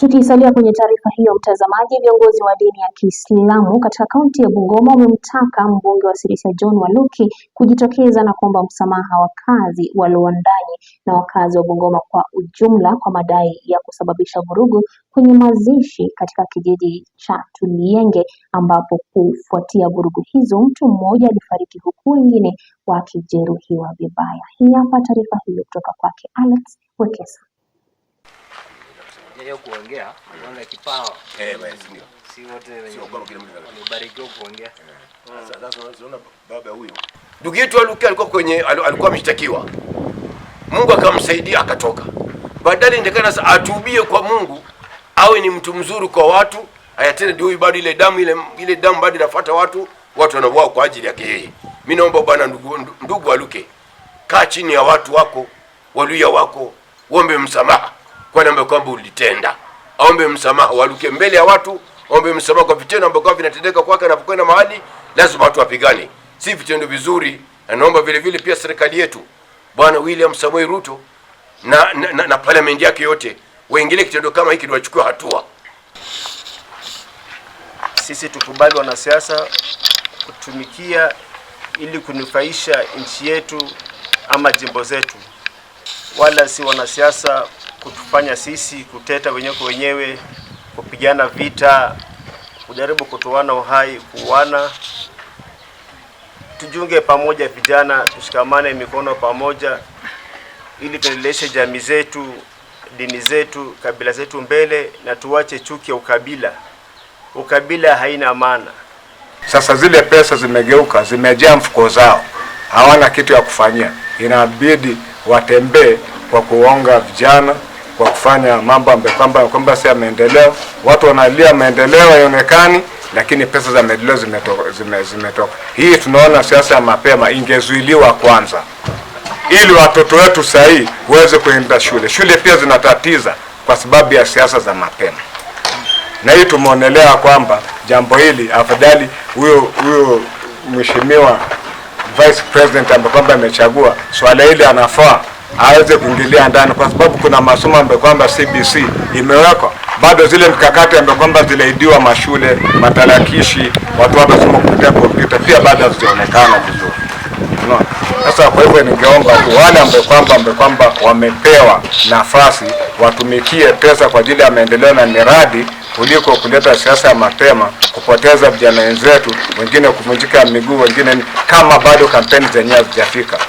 Tukisalia kwenye taarifa hiyo, mtazamaji, viongozi wa dini ya Kiislamu katika kaunti ya Bungoma wamemtaka mbunge wa Sirisia John Waluki kujitokeza na kuomba msamaha wakazi wa Lwandani na wakazi wa Bungoma kwa ujumla kwa madai ya kusababisha vurugu kwenye mazishi katika kijiji cha Tulienge ambapo kufuatia vurugu hizo mtu mmoja alifariki huku wengine wakijeruhiwa vibaya. Hii hapa taarifa hiyo kutoka kwake Alex Wekesa. Yaani hiyo kuongea kwanza eh. kipawa. Eh, basi ndio. Si wote wamebarikiwa kuongea. Eh. Hmm. Sasa unaona baba huyo. Ndugu yetu Aluki alikuwa kwenye alikuwa ameshtakiwa. Mungu akamsaidia akatoka. Badala ndekana sasa atubie kwa Mungu awe ni mtu mzuri kwa watu, ayatende ndio bado ile damu ile ile damu bado inafuata watu, watu wanauawa kwa ajili yake yeye. Mimi naomba bwana, ndugu ndugu Aluke, kaa chini ya watu wako, waluya wako, uombe msamaha kwani ambayo kwamba ulitenda. Aombe msamaha, waluke mbele ya watu, aombe msamaha kwa vitendo ambavyo vinatendeka kwake anapokwenda mahali, lazima watu wapigane, si vitendo vizuri. Na naomba vile vile pia serikali yetu Bwana William Samoei Ruto na, na, na, na parliament yake yote waingilie kitendo kama hiki, wachukue hatua. Sisi tukubali wanasiasa kutumikia ili kunufaisha nchi yetu ama jimbo zetu, wala si wanasiasa kutufanya sisi kuteta wenyewe kwa wenyewe, kupigana vita, kujaribu kutoana uhai, kuuana. Tujiunge pamoja vijana, tushikamane mikono pamoja, ili tuendeleshe jamii zetu, dini zetu, kabila zetu mbele, na tuwache chuki ya ukabila. Ukabila haina maana. Sasa zile pesa zimegeuka, zimejaa mfuko zao, hawana kitu ya kufanyia, inabidi watembee kwa kuonga vijana kwa kufanya mambo ambayo kwamba kwamba si maendeleo. Watu wanalia maendeleo haionekani, lakini pesa za maendeleo zimetoka zime, zimetoka. Hii tunaona siasa ya mapema ingezuiliwa kwanza, ili watoto wetu sahii waweze kuenda shule. Shule pia zinatatiza kwa sababu ya siasa za mapema, na hii tumeonelea kwamba jambo hili afadhali huyo huyo mheshimiwa Vice President ambaye kwamba amechagua swala hili anafaa aweze kuingilia ndani, kwa sababu kuna masomo ambayo kwamba CBC imewekwa bado zile mkakati ambayo kwamba ziliahidiwa mashule, matarakishi watu watasoma kupitia kompyuta pia bado hazijaonekana vizuri. No. Sasa kwa hivyo ningeomba tu wale ambao kwamba ambao kwamba wamepewa nafasi watumikie pesa kwa ajili ya maendeleo na miradi kuliko kuleta siasa ya mapema, kupoteza vijana wenzetu, wengine kuvunjika miguu, wengine kama bado kampeni zenyewe hazijafika.